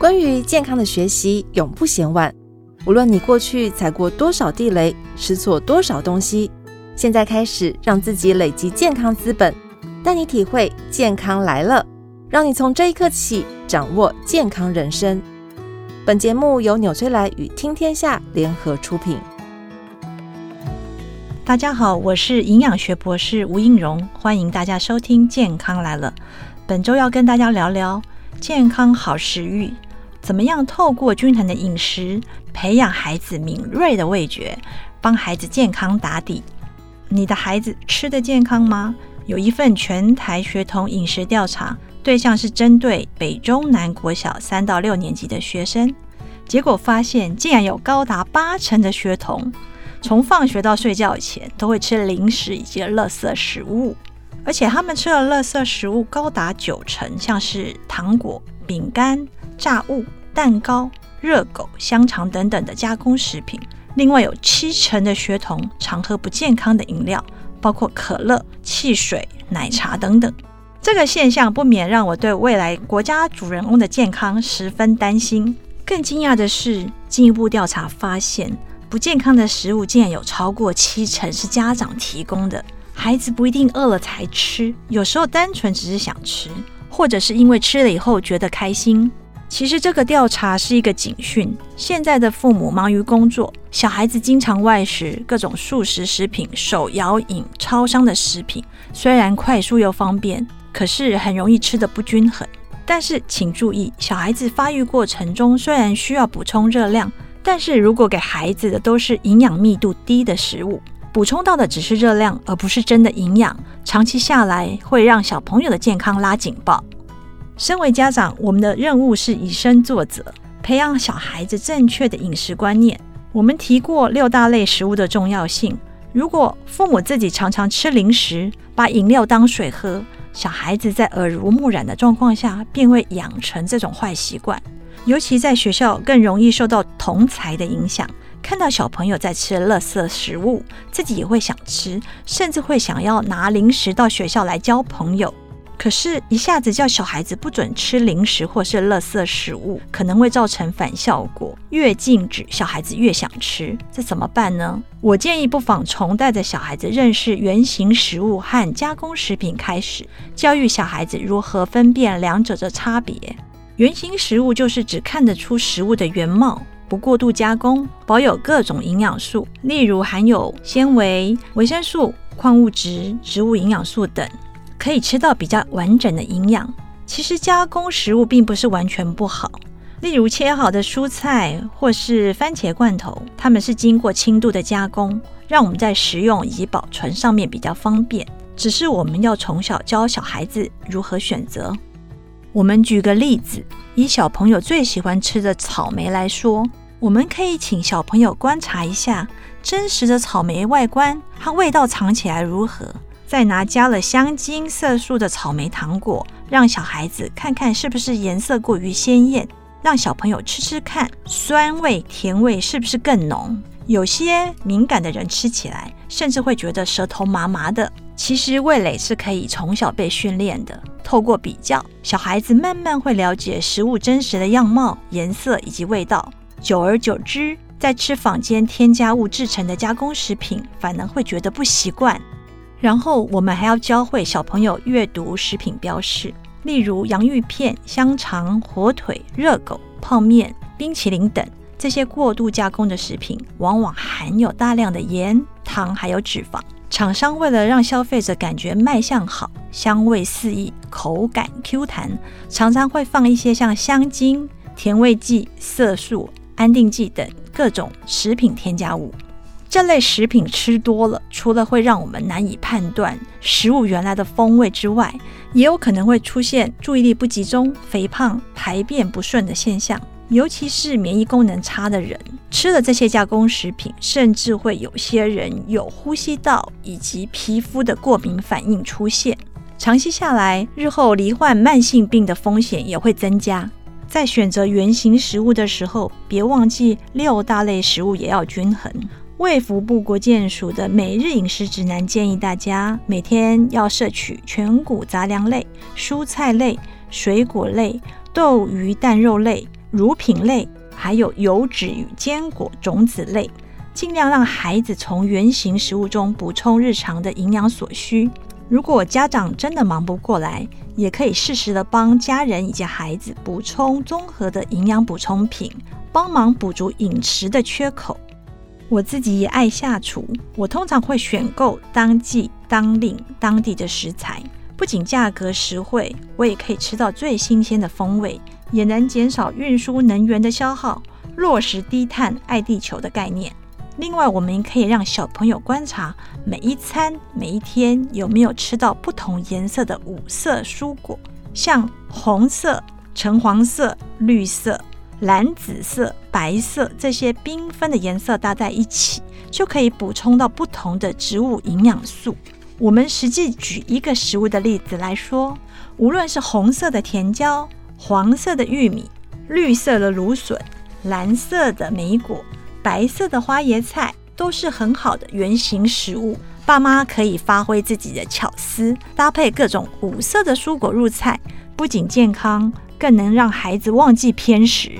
關於健康的學習，永不嫌晚。無論你過去踩過多少地雷，吃錯多少東西，現在開始讓自己累積健康資本，帶你體會健康來了，讓你從這一刻起掌握健康人生。本節目由紐崔萊與聽天下聯合出品。大家好，我是營養學博士吳映蓉，歡迎大家收聽《健康來了》。本周要跟大家聊聊健康好食欲。怎麼樣透過均衡的飲食培養孩子敏銳的味覺，幫孩子健康打底？你的孩子吃得健康嗎？有一份全台學童飲食調查，對象是針對北中南國小三到六年級的學生，結果發現竟然有高達八成的學童，從放學到睡覺以前都會吃零食以及垃圾食物，而且他們吃的垃圾食物高達九成，像是糖果、餅乾。炸物、蛋糕、熱狗、香腸等等的加工食品，另外有七成的學童常喝不健康的飲料，包括可樂、汽水、奶茶等等。這個現象不免讓我對未來國家主人翁的健康十分擔心。更驚訝的是，進一步調查發現，不健康的食物竟然有超過七成是家長提供的。孩子不一定餓了才吃，有時候單純只是想吃，或者是因為吃了以後覺得開心。其實這個調查是一個警訊。現在的父母忙於工作，小孩子經常外食，各種速食食品、手搖飲、超商的食品，雖然快速又方便，可是很容易吃得不均衡。但是請注意，小孩子發育過程中雖然需要補充熱量，但是如果給孩子的都是營養密度低的食物，補充到的只是熱量，而不是真的營養，長期下來會讓小朋友的健康拉警報。身為家長，我們的任務是以身作則，培養小孩子正確的飲食觀念。我們提過六大類食物的重要性。如果父母自己常常吃零食，把飲料當水喝，小孩子在耳濡目染的狀況下，便會養成這種壞習慣。尤其在學校，更容易受到同儕的影響，看到小朋友在吃垃圾食物，自己也會想吃，甚至會想要拿零食到學校來交朋友。可是，一下子叫小孩子不准吃零食或是垃圾食物，可能會造成反效果。越禁止，小孩子越想吃，這怎麼辦呢？我建議不妨從帶着小孩子認識原型食物和加工食品開始，教育小孩子如何分辨兩者的差別。原型食物就是只看得出食物的原貌，不過度加工，保有各種營養素，例如含有纖維、維生素、礦物質、植物營養素等。可以吃到比較完整的營養。其實加工食物並不是完全不好，例如切好的蔬菜或是番茄罐頭，它們是經過輕度的加工，讓我們在食用以及保存上面比較方便。只是我們要從小教小孩子如何選擇。我們舉個例子，以小朋友最喜歡吃的草莓來說，我們可以請小朋友觀察一下真實的草莓外觀，它味道嚐起來如何？再拿加了香精、色素的草莓糖果，讓小孩子看看是不是顏色過於鮮豔，讓小朋友吃吃看，酸味、甜味是不是更濃？有些敏感的人吃起來，甚至會覺得舌頭麻麻的。其實味蕾是可以從小被訓練的，透過比較，小孩子慢慢會了解食物真實的樣貌、顏色以及味道。久而久之，再吃坊間添加物制成的加工食品，反而會覺得不習慣。然後我們還要教會小朋友閱讀食品標示，例如洋芋片、香腸、火腿、熱狗、泡麵、冰淇淋等，這些過度加工的食品，往往含有大量的鹽、糖還有脂肪。廠商為了讓消費者感覺賣相好、香味四溢、口感 Q 彈，常常會放一些像香精、甜味劑、色素、安定劑等各種食品添加物。這類食品吃多了，除了會讓我們難以判斷食物原來的風味之外，也有可能會出現注意力不集中、肥胖、排便不順的現象。尤其是免疫功能差的人吃了這些加工食品，甚至會有些人有呼吸道以及皮膚的過敏反應出現。長期下來，日後罹患慢性病的風險也會增加。在選擇原型食物的時候，別忘記六大類食物也要均衡。衛福部國健署的每日飲食指南建議大家每天要攝取全穀雜糧類、蔬菜類、水果類、豆魚蛋肉類、乳品類，還有油脂與堅果種子類，盡量讓孩子從原型食物中補充日常的營養所需。如果家長真的忙不過來，也可以適時的幫家人以及孩子補充綜合的營養補充品，幫忙補足飲食的缺口。我自己也愛下廚，我通常會選購當季、當令、當地的食材，不僅價格實惠，我也可以吃到最新鮮的風味，也能減少運輸能源的消耗，落實低碳愛地球的概念。另外，我們可以讓小朋友觀察每一餐、每一天有沒有吃到不同顏色的五色蔬果，像紅色、橙黃色、綠色。藍紫色、白色這些繽紛的顏色搭在一起，就可以補充到不同的植物營養素。我們實際舉一個食物的例子來說，無論是紅色的甜椒、黃色的玉米、綠色的蘆筍、藍色的莓果、白色的花椰菜，都是很好的原型食物。爸媽可以發揮自己的巧思，搭配各種五色的蔬果入菜，不僅健康。更能讓孩子忘記偏食。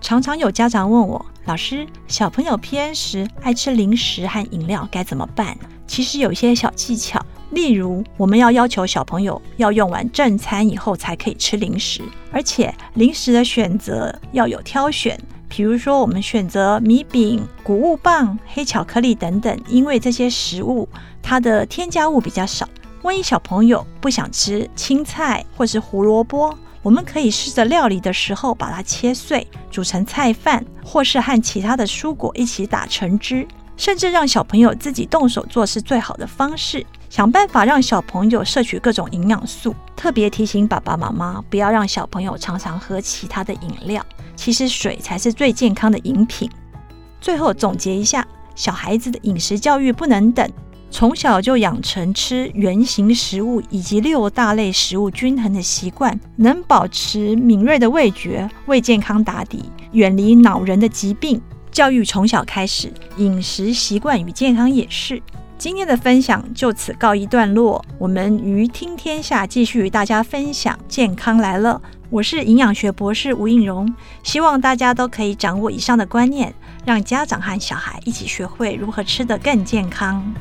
常常有家長問我，老師，小朋友偏食，愛吃零食和飲料，該怎麼辦？其實有一些小技巧，例如我們要要求小朋友要用完正餐以後才可以吃零食，而且零食的選擇要有挑選，比如說我們選擇米餅、穀物棒、黑巧克力等等，因為這些食物它的添加物比較少。萬一小朋友不想吃青菜或是胡蘿蔔。我們可以試着料理的時候把它切碎，煮成菜飯，或是和其他的蔬果一起打成汁，甚至讓小朋友自己動手做是最好的方式。想辦法讓小朋友攝取各種營養素。特別提醒爸爸媽媽不要讓小朋友常常喝其他的飲料，其實水才是最健康的飲品。最後總結一下，小孩子的飲食教育不能等。從小就養成吃原型食物以及六大類食物均衡的習慣，能保持敏銳的味覺，為健康打底，遠離惱人的疾病。教育從小開始，飲食習慣與健康也是。今天的分享就此告一段落，我們與聽天下繼續與大家分享健康來了。我是營養學博士吳映蓉，希望大家都可以掌握以上的觀念，讓家長和小孩一起學會如何吃得更健康。